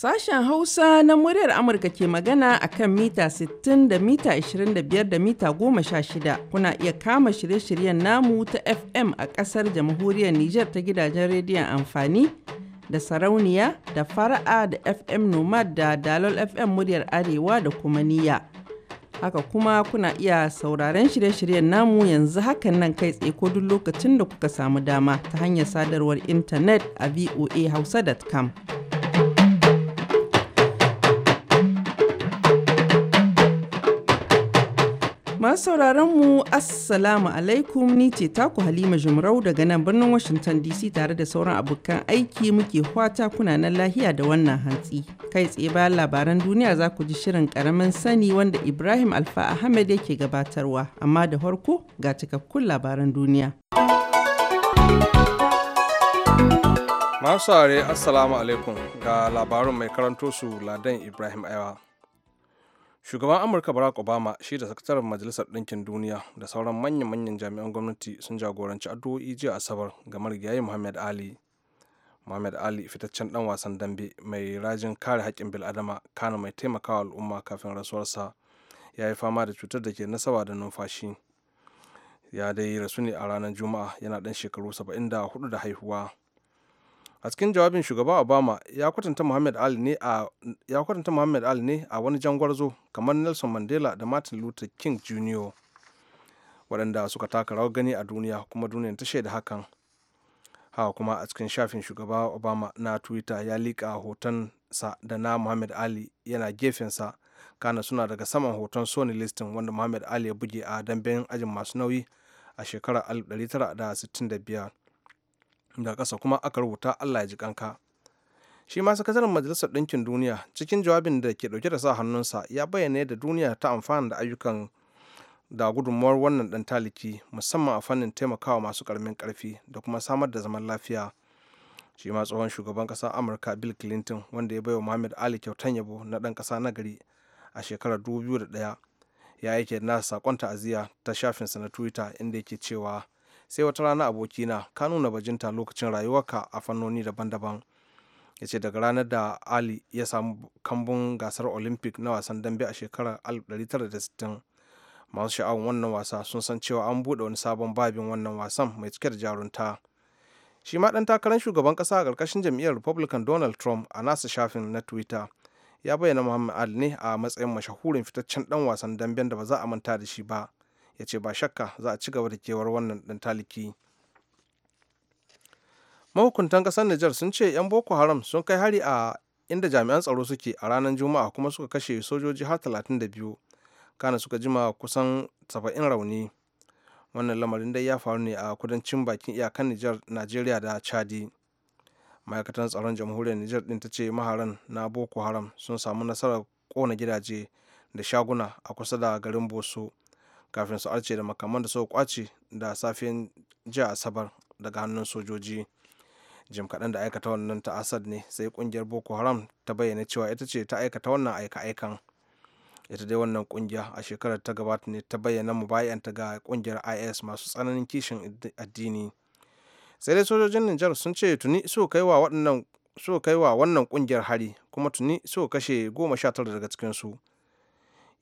Sashen Hausa na muryar Amurka ke magana a kan mita 60 da mita 25 da mita 16. Kuna iya kama shirye-shiryen namu ta FM a ƙasar jamhuriyar Nijar ta gidajen rediyon amfani da sarauniya da fara'a da FM Nomad da Dalol FM muryar Arewa da kuma niya Haka kuma kuna iya sauraron shirye-shiryen namu yanzu hakan nan kai tsaye ko duk lokacin da kuka samu dama ta hanyar sadarwar intanet a voahausa.com. Masu sauraron mu Assalamu alaikum ni ce taku Halima Jumrau daga nan birnin Washington DC tare da sauran abokan aiki muke fata kuna nan lahiya da wannan hantsi. Kai tsaye bayan labaran duniya za ku ji shirin karamin sani wanda Ibrahim Alfa Ahmed yake gabatarwa amma da farko ga cikakkun labaran duniya. Masu Assalamu alaikum ga labarin mai karanto su Ladan Ibrahim Aiwa. shugaban amurka barack obama shi da sakataren majalisar ɗinkin duniya da sauran manyan-manyan jami'an gwamnati sun jagoranci addu'o'i jiya asabar ga marigayi muhammad ali muhammad ali fitaccen dan wasan dambe mai rajin kare haƙƙin bil'adama kano mai taimakawa al'umma kafin rasuwarsa ya yi fama da cutar da ke nasaba da numfashi ya dai rasu ne a ranar juma'a yana ɗan shekaru saba'in da hudu da haihuwa a cikin jawabin shugaba obama ya kwatanta muhammad ali ne a ya kwatanta muhammad kamar nelson mandela da martin luther king jr waɗanda suka taka rawar gani a duniya kuma duniya ta shaida hakan haka kuma a cikin shafin shugaba obama na twitter ya liƙa hoton sa da na muhammad ali yana gefensa kana suna daga saman hoton sony listin wanda muhammad ali ya buge a damben ajin masu nauyi a shekarar 1965 da ƙasa kuma aka rubuta allah ya ji kanka shi ma sakataren majalisar ɗinkin duniya cikin jawabin da ke ɗauke da sa hannunsa ya bayyana da duniya ta amfana da ayyukan da gudunmuwar wannan ɗan taliki musamman a fannin taimakawa masu ƙaramin ƙarfi da kuma samar da zaman lafiya shi ma tsohon shugaban ƙasar amurka bill clinton wanda ya baiwa muhammad ali kyautan yabo na ɗan ƙasa na gari a shekarar ɗaya ya yake na saƙon ta'aziyya ta shafinsa na twitter inda yake cewa sai wata rana abokina ka nuna bajinta lokacin rayuwarka a fannoni daban-daban ya ce daga ranar da ali ya samu kambun gasar olympic na wasan dambe a shekarar 1960 masu sha'awar wannan wasa sun san cewa an buɗe wani sabon babin wannan wasan mai cike da jarunta shi ma ɗan takarar shugaban ƙasa a ƙarƙashin jam'iyyar republican donald trump a nasa shafin na twitter ya bayyana muhammad ali ne a matsayin mashahurin fitaccen ɗan wasan damben da ba za a manta da shi ba ya ce ba shakka za a ci gaba da kewar wannan dan taliki mahukuntan kasar niger sun ce 'yan boko haram sun kai hari a inda jami'an tsaro suke a ranar juma'a kuma suka kashe sojoji har 32 kana suka jima kusan 70 rauni wannan lamarin dai ya faru ne a kudancin bakin iyakan niger najeriya da chadi ma'aikatan tsaron jamhuriyar niger ɗin ta ce maharan na boko haram sun samu nasarar kona gidaje da shaguna a kusa da garin boso kafin su arce da makaman da suka kwace da safiyan jiya asabar daga hannun sojoji jim kaɗan da aikata wannan ta asad ne sai kungiyar boko haram ta bayyana cewa ita ce ta aikata wannan aika-aikan ita dai wannan kungiya a shekarar ta gabata ne ta bayyana mu ta ga kungiyar is masu tsananin kishin addini sai dai sojojin nijar sun ce tuni su kai wa so kai wa wannan kungiyar hari kuma tuni so kashe goma sha tara daga cikinsu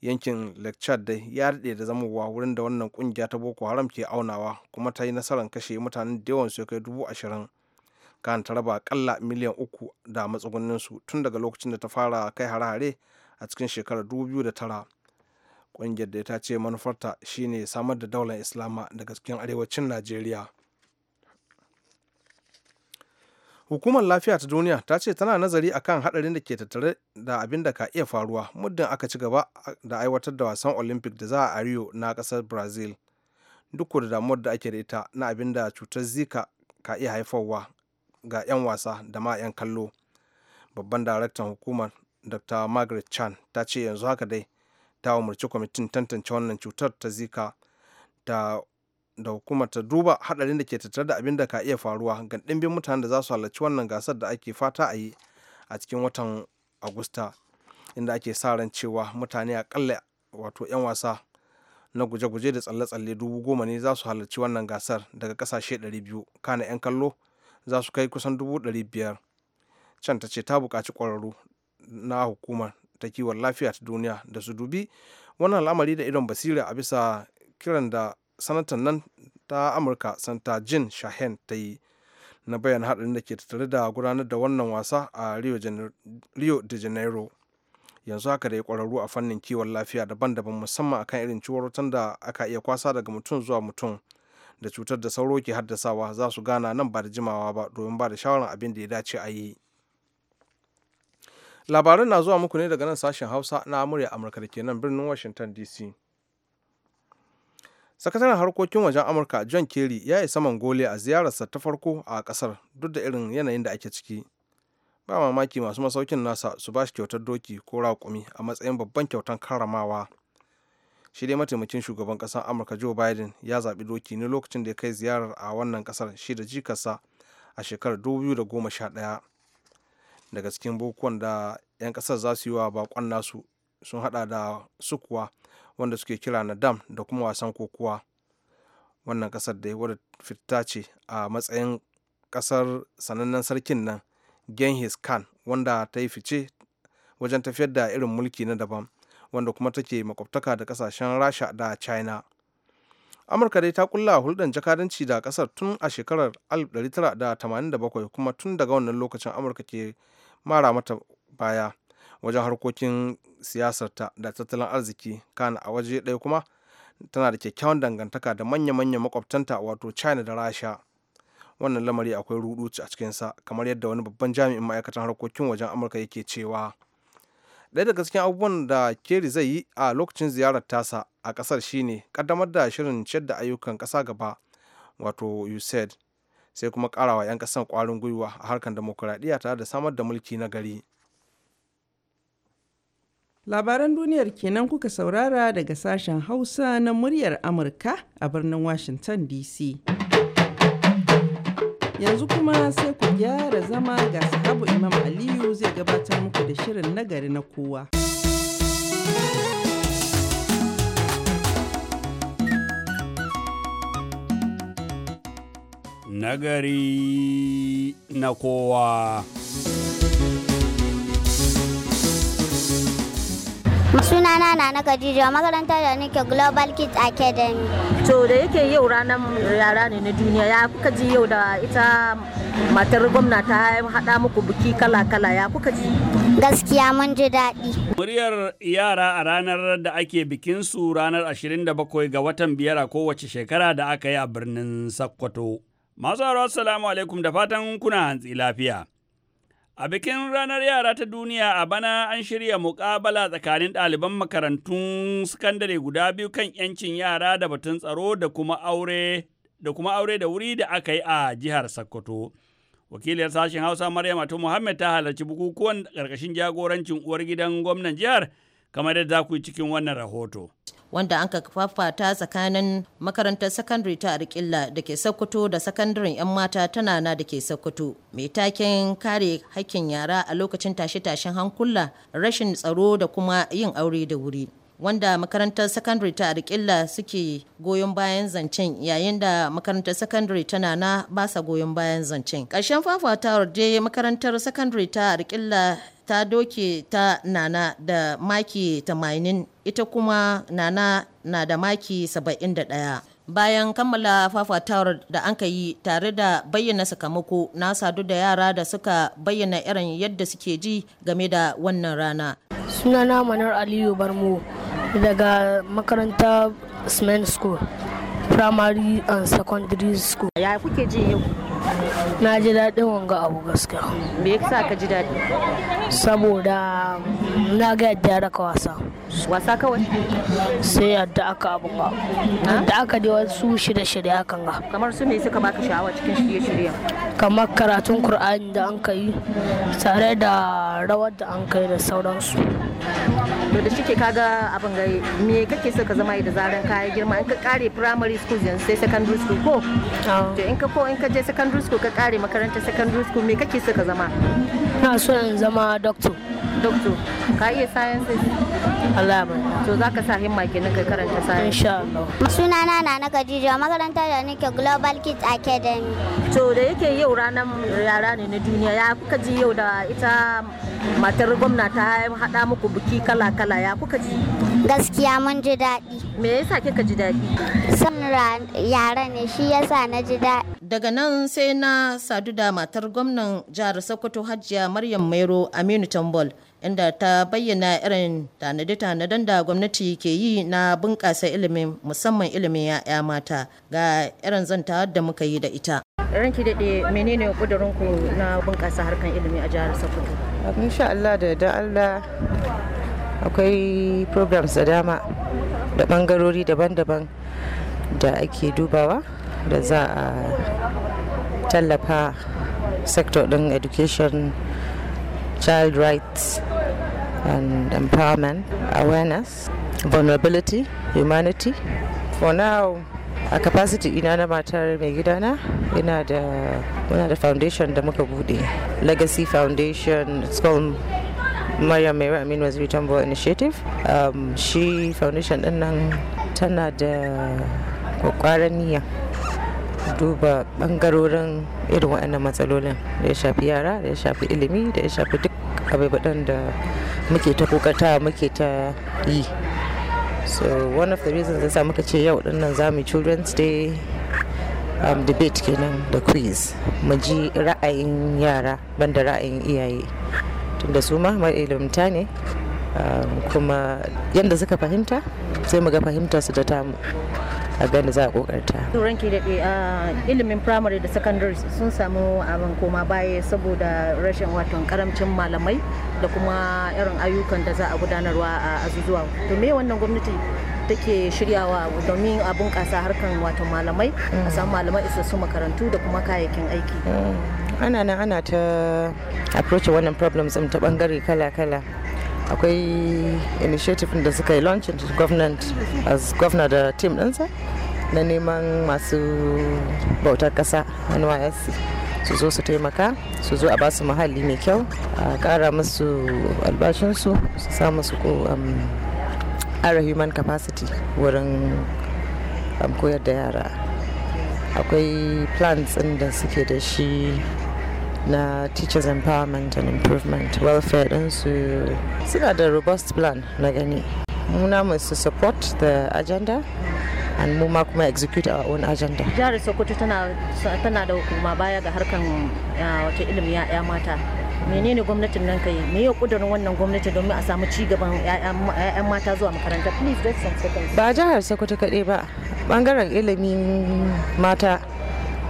yankin lake chad dai ya daɗe da zamowa wurin da wannan ƙungiya ta boko haram ke aunawa kuma ta yi nasarar kashe mutanen da yawan su kai dubu ashirin kan ta raba kalla miliyan uku da matsugunnin su tun daga lokacin da ta fara kai hare-hare a cikin shekarar dubu biyu da tara ƙungiyar da ta ce manufarta shine samar da daular islama daga cikin arewacin najeriya hukumar lafiya ta duniya ta ce tana nazari a kan hadarin da ke tattare da abin da ka iya faruwa muddin aka ci gaba da aiwatar da wasan olympic da za a rio na kasar brazil duk da damuwar da ake da ita na abin da cutar zika ka iya haifarwa ga 'yan wasa da ma 'yan kallo babban daraktan hukumar dr margaret chan ta ce yanzu haka dai ta umarci kwamitin tantance wannan cutar ta zika da da hukumar ta duba hadarin da ke tattare da abin da ka iya faruwa ga ɗimbin mutanen da za su halarci wannan gasar da ake fata a yi a cikin watan agusta inda ake sa ran cewa mutane akalla wato 'yan wasa na guje-guje da tsalle-tsalle dubu goma ne za su halarci wannan gasar daga kasashe 200 kana 'yan kallo za su kai kusan dubu 500 can ta ce ta buƙaci ƙwararru na hukumar ta kiwon lafiya ta duniya da su dubi wannan al'amari da idon basira a bisa kiran da sanatan nan ta amurka santa jin shahen ta yi na bayan haɗarin da ke tattare da gudanar da wannan wasa a rio de janeiro yanzu haka da ya ƙwararru a fannin kiwon lafiya daban-daban musamman akan irin ciwarutan da aka iya kwasa daga mutum zuwa mutum da cutar da sauro ke haddasawa za su gana nan ba da jimawa ba domin ba da shawarar abin da ya dace a yi labarin na zuwa muku ne daga nan sashen hausa na amurya amurka da ke nan birnin washington dc sakataren harkokin wajen amurka john kerry ya yi saman gole a ziyararsa ta farko a kasar duk da irin yanayin da ake ciki ba mamaki masu masaukin nasa su ba shi kyautar doki ko raƙumi a matsayin babban kyautar karamawa shi dai mataimakin shugaban kasar amurka joe biden ya zaɓi doki ne lokacin da ya kai ziyarar a wannan kasar shi da jikarsa a shekarar 2011 daga cikin bukukuwan da 'yan kasar za su yi wa bakon nasu sun hada da sukuwa wanda suke kira na dam da kuma wasan kokuwa wannan kasar da wadda fita ce a matsayin kasar sanannen sarkin nan genghis khan wanda ta yi fice wajen tafiyar da irin mulki na daban wanda kuma take makwabtaka da kasashen rasha da china amurka dai ta kulla hulɗar jakadanci da kasar tun a shekarar 1987 kuma tun daga wannan lokacin amurka ke mara mata baya wajen harkokin siyasarta da tattalin arziki kana a waje ɗaya kuma tana da kyakkyawan dangantaka da manya-manyan makwabtanta wato china da rasha wannan lamari akwai rudu a cikinsa kamar yadda wani babban jami'in ma'aikatan harkokin wajen amurka yake cewa ɗaya daga cikin abubuwan da keri zai yi a lokacin ziyarar tasa a ƙasar shine kaddamar da shirin ciyar da ayyukan ƙasa gaba wato usaid sai kuma ƙarawa 'yan ƙasan ƙwarin gwiwa a harkar demokuraɗiyya tare da samar da mulki na gari Labaran duniyar kenan kuka saurara daga sashen Hausa na muryar Amurka a birnin Washington DC. Yanzu kuma sai ku gyara zama ga sahabu Imam Aliyu zai gabatar muku da shirin nagari na kowa. Nagari na kowa. sunana na na Khadija makarantar da nake Global Kids Academy. To da yake yau ranar yara ne na duniya ya kuka ji yau da ita matar gwamna ta haɗa muku biki kala-kala ya kuka ji? Gaskiya mun ji daɗi. Muryar yara a ranar da ake bikin su ranar 27 ga watan biyar a kowace shekara da aka yi a birnin Sokoto. Masu haro assalamu alaikum da fatan kuna hantsi lafiya. A bikin ranar yara ta duniya a bana an shirya muƙabala tsakanin ɗaliban makarantun sakandare guda biyu kan 'yancin yara da batun tsaro da kuma aure da kuma aure da wuri da aka yi a jihar Sokoto. Wakiliyar sashen Hausa Maryam Atu Muhammad ta halarci bukukuwan ƙarƙashin jagorancin uwar gidan gwamnan jihar kamar yadda za ku yi cikin wannan rahoto. wanda an ka fafata tsakanin makarantar sakandare ta arkilla da ke sokoto da sakandaren 'yan mata ta nana da ke sokoto mai taken kare hakkin yara a lokacin tashe-tashen hankula rashin tsaro da kuma yin aure da wuri wanda makarantar sakandare ta arkilla suke goyon bayan zancen yayin da makarantar sakandare ta nana ba sa goyon bayan zancen ƙarshen fafatawar dai makarantar sakandare ta arkilla ta doke ta nana da maki 80 ita kuma nana na da maki 71 bayan kammala fafatawar da an yi tare da bayyana sakamako na sadu da yara da suka bayyana irin yadda suke ji game da wannan rana sunana manar aliyu barmo daga makaranta smen school primary and secondary school ya kuke ji yau na ji daɗin wanga abu gaskiya me yasa ka ji daɗi saboda na ga yadda ya raka wasa wasa kawai sai yadda aka abu ba yadda aka da wasu shirye shirye hakan ga kamar su me suka baka sha'awa cikin shirye shiryen kamar karatun Kur'ani da an kai tare da rawar da an kai da sauransu to da shike kaga abin ga me kake so ka zama da zaran ka girma in ka kare primary school yanzu sai secondary school ko oh. to in ka ko in ka je secondary school ka kare makarantar secondary school me kake so ka zama ina so zama doctor doctor ka iya sciences Allah ba to zaka sa himma kenan ka karanta science insha Allah sunana na na Khadija makaranta da nake Global Kids Academy to da yake yau ranar yara ne na duniya ya kuka ji yau da ita matar gwamna ta hada muku biki kala kala ya kuka ji gaskiya mun ji daɗi me yasa kika ji daɗi son yara ne shi yasa na ji daɗi daga nan sai na sadu da matar gwamnan jihar sokoto hajiya maryam mairo aminu tambol inda ta bayyana irin tanade-tanaden da gwamnati ke yi na bunƙasa ilimin musamman ilimin 'ya'ya mata ga irin zanta da muka yi da ita. ranki daɗe menene ƙudurinku na bunƙasa harkan ilimi a jihar sokoto insha Allah da da Allah akwai programs da dama da ɓangarori daban-daban da ake dubawa da za a tallafa sector ɗin education child rights and empowerment, awareness, vulnerability, humanity. For now, a capacity ina na matar mai gidana ina da muna da foundation da muka legacy foundation it's called Maryam Mary Amin was written by initiative um, she foundation din tana da kwakwaran duba bangarorin irin waɗannan matsalolin da ya shafi yara da ya shafi ilimi da ya shafi duk abubuwan da muke ta kokata muke ta yi so one of the reasons yasa muka ce yau dinnan za mu children's day um, debate kenan da quiz mu ji ra'ayin yara banda ra'ayin iyaye tunda su ma ilimta ne um, kuma yadda suka fahimta sai mu ga fahimta su da tamu a gani za a kokarta. ranki ilimin primary da secondary sun samu abin koma baya saboda rashin wato karamcin malamai da kuma irin ayyukan da za a gudanarwa a azuzuwa to me wannan gwamnati take shiryawa domin a bunƙasa harkan wato malamai a samu malamai isassu makarantu da kuma kayayyakin aiki mm. ana nan ana ta approach wannan problems din ta bangare kala-kala akwai initiative da suka yi launching government as governor da team ɗinsa na neman masu bautar kasa nysc su zo su taimaka su zo a ba su muhalli mai kyau a kara musu albashinsu su sa musu um, ara human capacity wurin um, koyar da yara akwai plans ɗin da suke da shi na teachers empowerment and improvement welfare ɗinsu suna da robust plan na gani muna su support the agenda An mu ma kuma execute our own agenda jihar sokoto tana da hukuma baya ga harkan wata ilimi ya mata menene gwamnatin nan kai me ya kudurin wannan gwamnati domin a samu ci gaban ƴaƴan mata zuwa makaranta please just some ba jihar sokoto kaɗai ba bangaren ilimin mata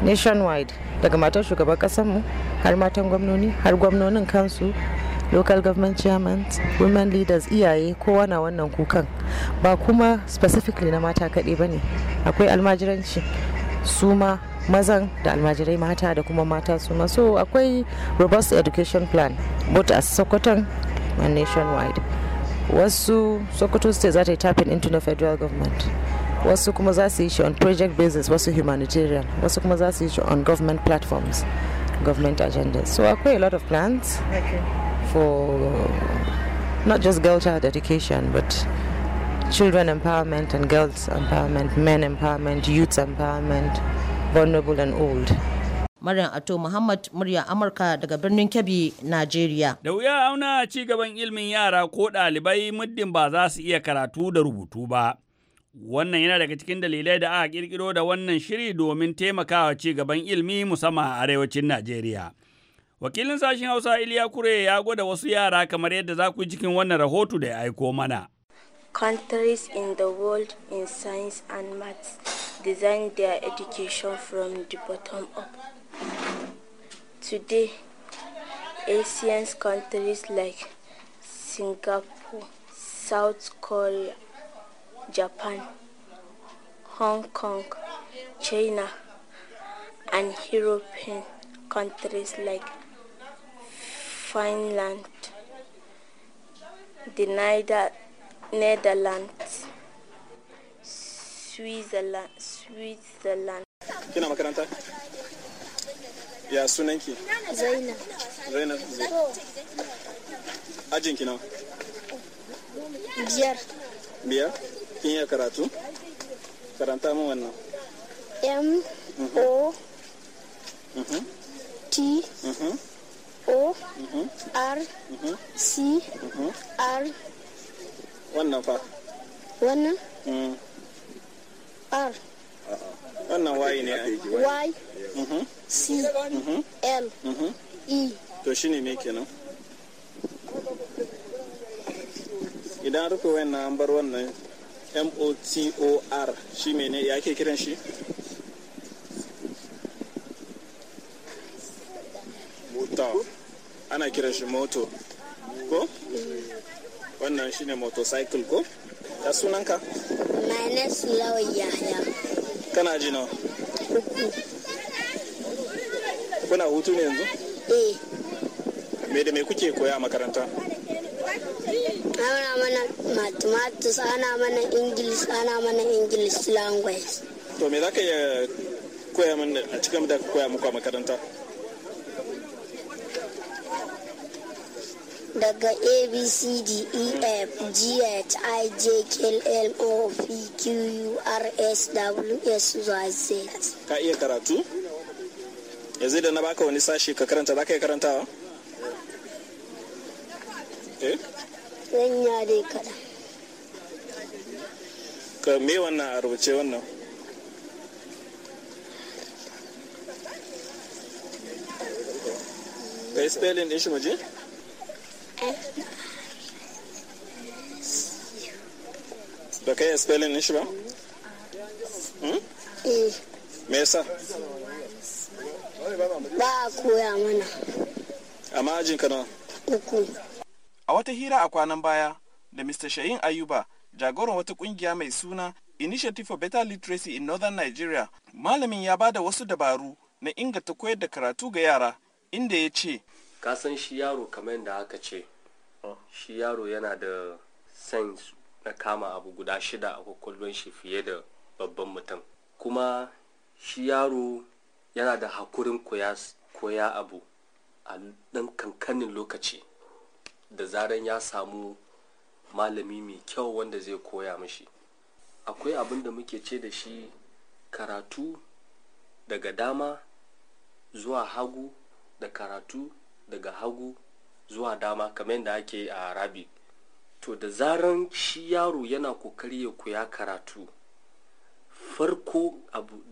nationwide daga matan shugaban kasanmu har matan gwamnoni har gwamnonin kansu local government chairman women leaders iyaye kowa na wannan kukan ba kuma specifically na mata kaɗai ba ne akwai almajiranci su ma mazan da almajirai mata da kuma mata su ma so akwai robust education plan both as sokoton and nationwide wasu sokoto state za ta yi tapping into na federal government wasu kuma za su yi shi on project basis wasu humanitarian wasu kuma za su yi shi on government platforms government agendas so akwai a lot of plans okay. for not just girl child education but children empowerment and girls empowerment, men empowerment, youth empowerment, vulnerable and old. Maryam Ato Muhammad murya Amurka daga birnin Kebbi, Najeriya. Da wuya auna ci gaban ilimin yara ko ɗalibai muddin ba za su iya karatu da rubutu ba. Wannan yana daga cikin dalilai da aka kirkiro da wannan shiri domin taimakawa ci gaban ilimi musamman a arewacin Najeriya. Wakilin sashen Hausa Iliya Kure ya gwada wasu yara kamar yadda za ku cikin wannan rahoto da ya aiko mana. Countries in the world in science and maths design their education from the bottom up. Today, Asian countries like Singapore, South Korea, Japan, Hong Kong, China, and European countries like Finland da Netherlands, Switzerland. Kina makaranta? Ya sunanki? Zaina. Zaina. Ajin ki nawa? Biyar. Biyar? Kin karatu? Karanta min wannan. M O mhm. T mhm. o mhm. r mhm. c mhm. r wannan fa wannan mm. r wannan y ne y c l e to ne me kenan idan rufe wannan an bar wannan m o t o r shi mene ya ke kiran shi kira kiran shi moto ko wannan shine motorcycle ko ya sunanka minus lawal yaya kana ji nawa kuna hutu ne yanzu eh me da me kuke koya a makaranta ana mana mathematics ana mana english ana mana english language to me za ka iya koya min a cikin da koya muku a makaranta daga e G, H, I, J, K, L, O, Q, U, R, S, w s z ka iya karatu yanzu da na baka wani sashi ka karanta za ka iya karantawa eh zan ya dai kaɗan ka me wannan a rubuce wannan ka yi spelling ɗin shi muje? ba kai spelling ne shi ba? Hmm? me yasa? ba a koya mana amma ka na? uku a wata hira a kwanan baya da mr shayin ayuba jagoran wata kungiya mai suna initiative for better literacy in northern nigeria malamin ya ba da wasu dabaru na inganta koyar da karatu ga yara inda ya ce ka san shi yaro kamar yadda aka ce oh. shi yaro yana da sense na kama abu guda shida a kwakwalwar shi fiye da babban mutum kuma shi yaro yana da hakurin koya abu a ɗan kankanin lokaci da zaran ya samu malami mai kyau wanda zai koya mashi akwai abin da muke ce da shi karatu daga dama zuwa hagu da karatu daga hagu zuwa dama kamar yadda ake a rabi to da zaran shi yaro yana kokari ya koya karatu farko abu,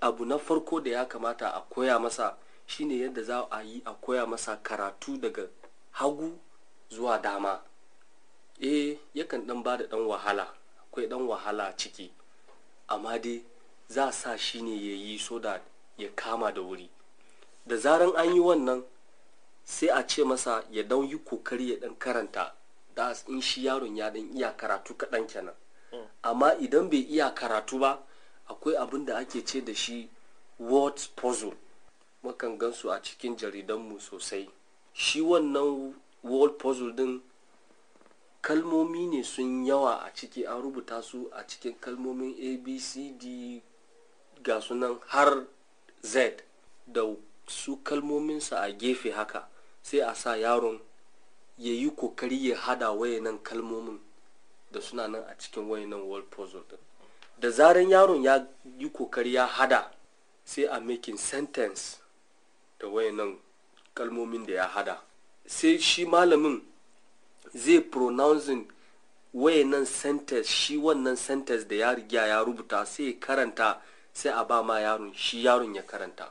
abu na farko da ya kamata a koya masa shine yadda za a yi a koya masa karatu daga hagu zuwa dama eh yakan dan ba da dan wahala akwai dan wahala ciki amma dai za a sa shi ne ya yi so da ya kama da wuri da zaran an yi wannan sai a ce masa ya dan yi kokari ya dan karanta da in shi yaron ya dan iya karatu kaɗan kenan amma idan bai iya karatu ba akwai abin da ake ce da shi word puzzle makan gansu a cikin jaridanmu sosai shi wannan word puzzle din kalmomi ne sun yawa a ciki an rubuta su a cikin kalmomin abcd ga sunan har z da su kalmominsa a gefe haka sai a sa yaron ya yi kokari ya hada wayannan kalmomin da suna nan a cikin wayannan world puzzle din da zaren yaron ya yi kokari ya hada sai a making sentence da wayannan kalmomin da ya hada sai shi malamin zai pronouncing wayannan sentence shi wannan sentence da ya riga ya rubuta sai ya karanta sai a ba ma yaron shi yaron ya karanta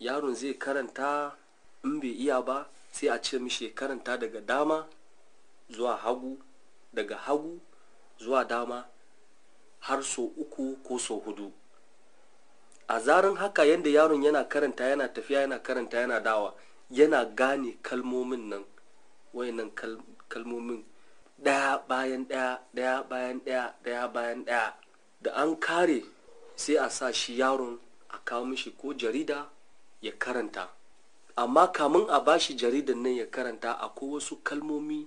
yaron zai karanta in bai iya ba sai a ce mishi karanta daga dama zuwa hagu daga hagu zuwa dama har so uku ko so hudu a zarin haka yadda yaron yana karanta yana tafiya yana karanta yana dawa yana gane kalmomin nan wayannan kal, kalmomin daya bayan daya daya bayan daya daya bayan daya da an kare sai a sa shi yaron a kawo mishi ko jarida ya karanta amma kamun a bashi jaridan nan ya karanta akwai wasu kalmomi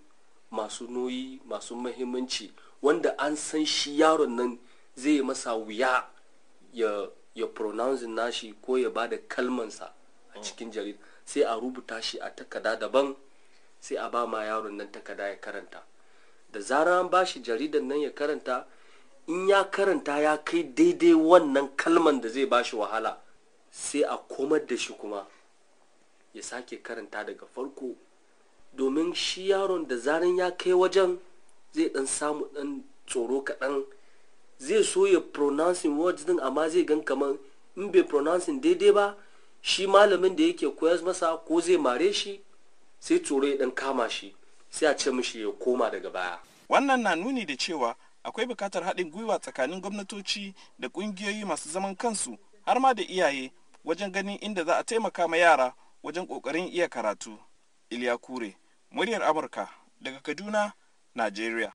masu noyi masu mahimmanci wanda an san shi yaron nan zai yi masa wuya ya ya pronouncing nashi ko ya ba da kalmansa a mm. cikin jarida sai a rubuta shi a takada daban sai a ba ma yaron nan takada ya karanta da zarar an ba shi jaridan nan ya karanta in ya karanta ya kai daidai wannan kalman da zai ba shi wahala sai a komar da shi kuma ya sake karanta daga farko domin shi yaron da zaran ya kai wajen zai dan samu dan tsoro kaɗan zai so ya pronouncing words din amma zai gan kamar in bai pronouncing daidai ba shi malamin da yake koyar masa ko zai mare shi sai tsoro ya dan kama shi sai a ce mishi ya koma daga baya wannan na nuni da cewa akwai bukatar haɗin gwiwa tsakanin gwamnatoci da ƙungiyoyi masu zaman kansu har ma da iyaye wajen ganin inda za a taimaka ma yara wajen ƙoƙarin iya karatu iliya kure muryar amurka daga kaduna najeriya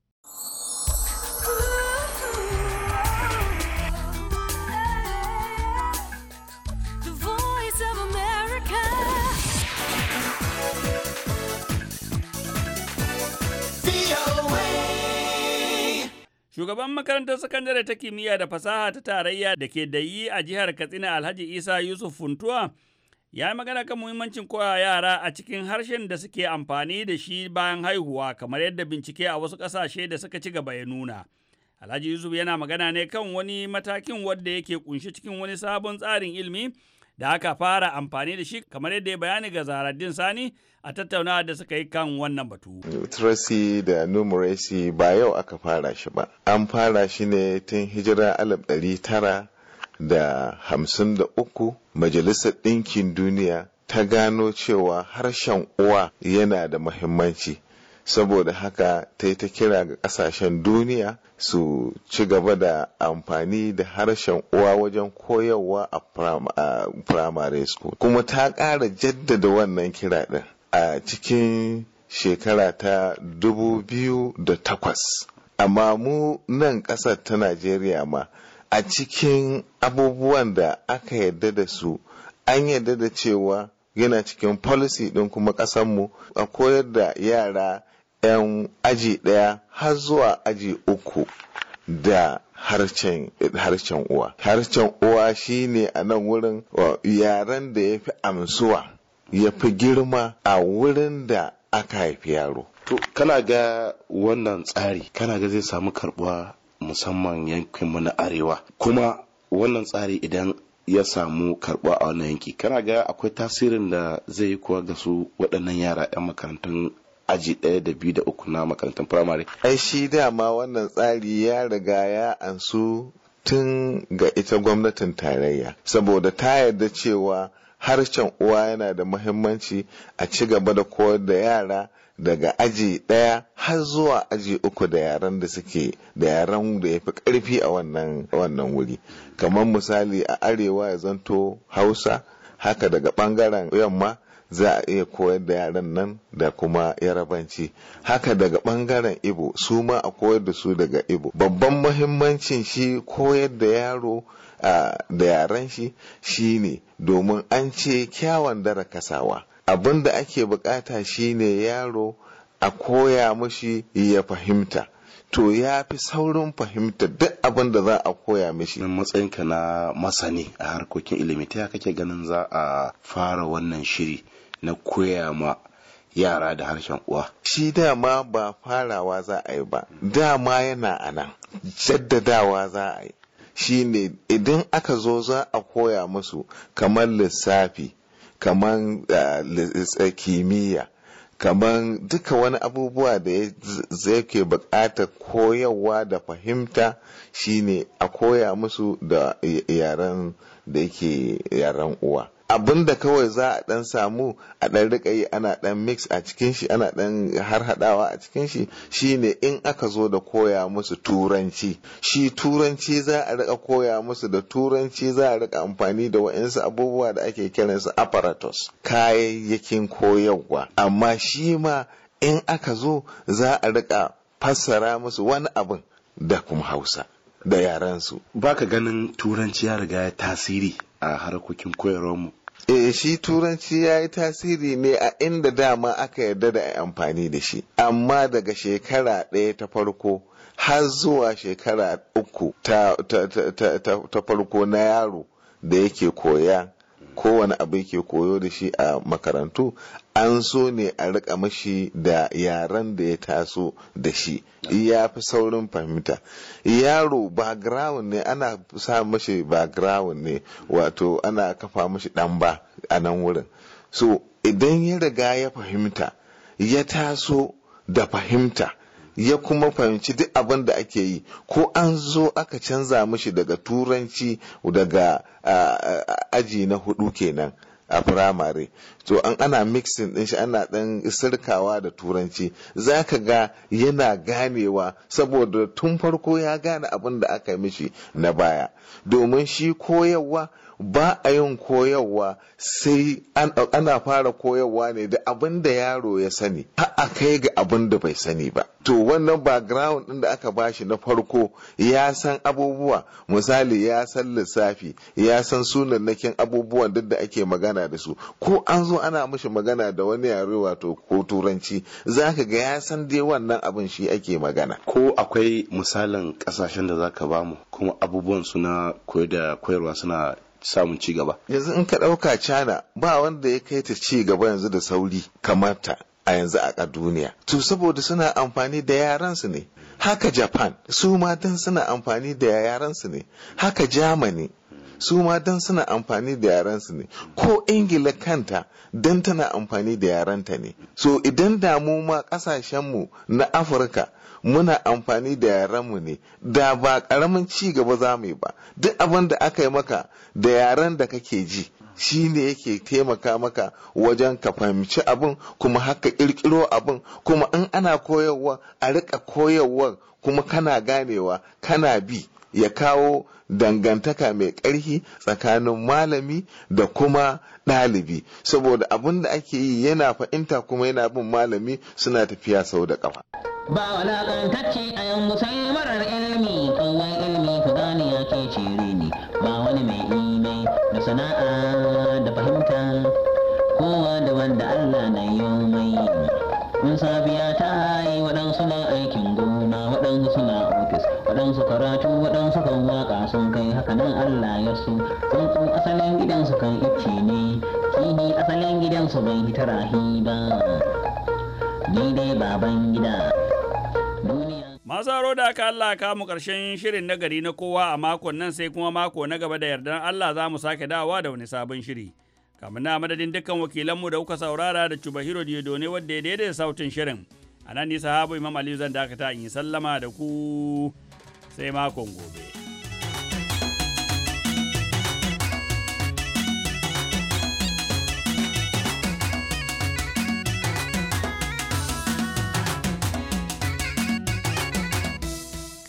Shugaban makarantar sakandare ta kimiyya da fasaha ta tarayya da ke da yi a jihar Katsina Alhaji Isa Yusuf Funtuwa ya yi magana kan muhimmancin koya yara a cikin harshen da suke amfani da shi bayan haihuwa kamar yadda bincike a wasu ƙasashe da suka ci gaba ya nuna. Alhaji Yusuf yana magana ne kan wani matakin wadda yake kunshi cikin wani sabon tsarin ilimi da aka fara amfani da shi kamar yadda ya bayani ga zaradin Sani a tattaunawa da suka yi kan wannan batu. Literacy da numeracy ba yau aka fara shi ba. An fara shi ne tun hijira alif ɗari tara da hamsin da uku majalisar ɗinkin duniya ta gano cewa harshen uwa yana da mahimmanci saboda haka ta ta kira ga ƙasashen duniya su ci gaba da amfani da harshen uwa wajen koyarwa a primary school kuma ta ƙara jaddada wannan kira ɗin a cikin shekara ta 2008 amma mu nan ƙasar ta najeriya ma a cikin abubuwan da aka yarda da su an yarda da cewa yana cikin policy din kuma ƙasanmu a koyar da yara 'yan aji ɗaya har zuwa aji uku da harshen uwa harshen uwa shine a nan wurin yaren da ya fi amsuwa ya fi girma a wurin da aka haifi yaro to kana ga wannan tsari kana ga zai samu karbuwa musamman yankinmu na arewa kuma wannan tsari idan ya samu karɓa a wannan yanki kana ga akwai tasirin da zai yi kuwa ga su waɗannan yara 'yan makarantun aji ɗaya da biyu da uku na makarantun firamare. ai shi dama wannan tsari ya riga ya ansu tun ga ita gwamnatin tarayya saboda ta yarda cewa harshen uwa yana da muhimmanci a ci gaba da koyar da yara daga aji ɗaya har zuwa aji uku da yaran da suke da yaran da ya fi ƙarfi a wannan wuri kamar misali a arewa ya zanto hausa haka daga ɓangaren yamma za a iya koyar da yaran nan da kuma yarabanci haka daga ɓangaren ibo su ma a koyar da su daga ibo babban mahimmancin shi koyar da yaro da yaran shi shine domin an ce kyawan dara kasawa abin da ake bukata shine yaro a koya mashi ya fahimta to ya fi saurin fahimta duk abin da za a koya mashi. mishi. matsayinka na masani a harkokin ilimi ta kake ganin za a fara wannan shiri na koya ma yara da harshen uwa. Shi dama ba farawa za a yi ba, dama yana a nan, jaddadawa za a yi. shine idan aka zo za a koya musu kamar lissafi, kaman eh, eh, kimiyya kaman duka wani abubuwa da zai ke bukata koyarwa da fahimta shine a koya musu da yaren da yake yaren uwa Abin da kawai za a dan samu a dan rika yi ana dan mix a cikin shi ana dan hadawa a cikin shi shine in aka zo da koya musu turanci shi turanci za a rika koya musu da turanci za a rika amfani da wa'insu abubuwa da ake kiran su apparatus kayayyakin koyarwa amma shi ma in aka zo za a rika fassara musu wani abin da kuma hausa da yaransu ka ganin turanci ya riga ya tasiri a harkokin koyarwarmu E shi turanci ya yi tasiri ne a inda dama aka yarda da amfani da shi, amma daga shekara ɗaya ta farko har zuwa shekara uku ta, farko na yaro da yake koya kowane abu yake koyo da shi a makarantu an so ne a rika mashi da yaren da ya taso da shi ya fi saurin fahimta yaro background ne ana sa mashi background ne wato ana kafa mashi dan ba a nan wurin so idan ya riga ya fahimta ya taso da fahimta ya kuma fahimci duk abin da ake yi ko an zo aka canza mashi daga turanci daga aji na hudu kenan a firamare to an ana mixing din shi ana dan sirkawa da turanci zaka ga yana ganewa saboda tun farko ya gane abin da aka mishi na baya domin shi koyarwa ba a yin koyarwa sai ana fara koyarwa ne da abin da yaro ya sani har a kai ga abin da bai sani ba to wannan background din da aka bashi na farko ya san abubuwa misali ya san lissafi ya san sunannakin abubuwan duk da ake magana da su ko an zo zo ana mishi magana da wani yare wato ko turanci za ka ga ya san dai wannan abin shi ake magana ko akwai misalin kasashen da za ka bamu kuma abubuwan suna koyar da koyarwa suna samun ci gaba yanzu in ka ɗauka cana ba wanda ya kai ta ci gaba yanzu da sauri kamar a yanzu a duniya to saboda suna amfani da yaransu ne haka japan su matan suna amfani da yaransu ne haka germany su ma dan suna amfani da yaran su ne ko ingila kanta dan tana amfani da yaranta ne so idan da mu ma kasashenmu na afirka muna amfani da yarenmu ne da ba karamin ci gaba za mu yi ba duk abin da aka yi maka da yaren da kake ji shi ne yake taimaka maka wajen ka fahimci abin kuma haka kirkiro abin kuma in ana koyarwa a rika koyarwa kuma kana ganewa kana bi ya kawo dangantaka mai ƙarfi tsakanin malami da kuma ɗalibi saboda abin da ake yi yana fahimta kuma yana bin malami suna tafiya sau da ƙafa. ba wulaƙantacce a yan musayi marar ilimi kawai ilimi ku ya ke cire ni. ba wani mai ne da sana'a waɗansu karatu waɗansu kan waƙa sun kai haka nan Allah ya so tsuntsu asalin gidansu kan ice ne kini asalin gidansu bai hita rahi ba ni dai baban gida Masaro da aka Allah ka mu ƙarshen shirin nagari na kowa a makon nan sai kuma mako na gaba da yardan Allah za mu sake dawowa da wani sabon shiri. kamar na madadin dukkan wakilanmu da kuka saurara da Chubahiro Diodone wadda ya daidai sautin shirin. A nan nisa habu Imam Aliyu zan dakata in yi sallama da ku sai makon gobe.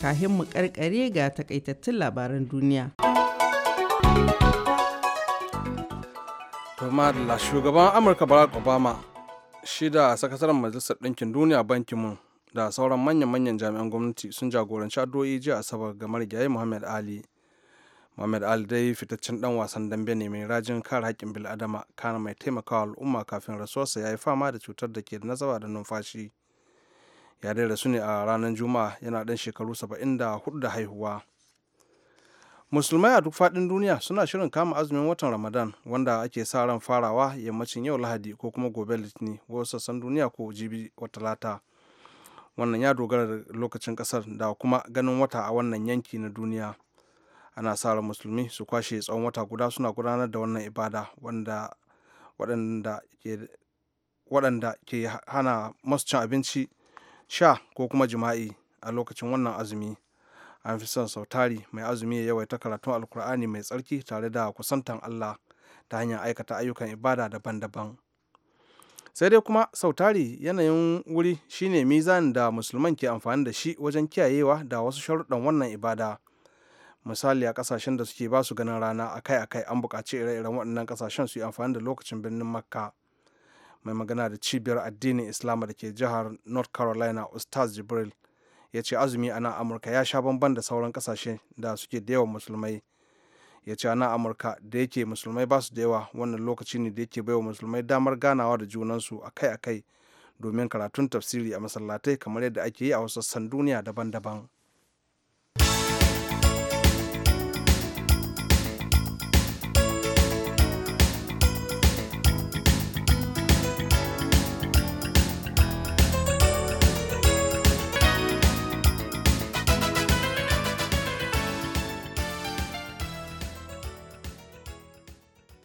kahin mu karkare ga takaitattun labaran duniya. Kamar shugaban Amurka Barack Obama shida a sakataren Majalisar Ɗinkin Duniya bankin mun da sauran manyan-manyan jami'an gwamnati sun jagoranci addu'o'i jiya asabar ga marigayi muhammad ali muhammad ali dai fitaccen dan wasan dambe ne mai rajin kare haƙƙin bil'adama kana mai taimakawa al'umma kafin rasuwarsa ya yi fama da cutar da ke da nasaba da numfashi ya dai rasu ne a ranar juma'a yana dan shekaru saba'in da haihuwa musulmai a duk faɗin duniya suna shirin kama azumin watan ramadan wanda ake sa ran farawa yammacin yau lahadi ko kuma gobe litini wasu sassan duniya ko jibi wa talata wannan ya dogara da lokacin kasar da kuma ganin wata a wannan yanki na duniya ana sa musulmi su kwashe tsawon wata guda suna gudanar da wannan ibada wanda waɗanda ke waɗanda ke hana masu cin abinci sha ko kuma jima'i a lokacin wannan azumi an fi son sautari mai azumi ya yawaita karatun alkur'ani mai tsarki tare da kusantan allah ta hanyar aikata ayyukan ibada daban-daban sai dai kuma sautari yanayin wuri shine mizan da musulman ke amfani da shi wajen kiyayewa da wasu sharuɗan wannan ibada misali a kasashen da suke ba su ganin rana akai-akai an buƙaci ire-iren waɗannan kasashen su yi amfani da lokacin birnin makka mai magana da cibiyar addinin islama da ke jihar north carolina ustaz jibril ya ce azumi a nan amurka ya sha bamban da sauran kasashe da suke da yawan musulmai ya ce amurka da yake musulmai ba su da yawa wannan lokaci ne da yake baiwa musulmai damar ganawa da junansu akai-akai domin karatun tafsiri a masallatai kamar yadda ake yi a wasu sassan duniya daban-daban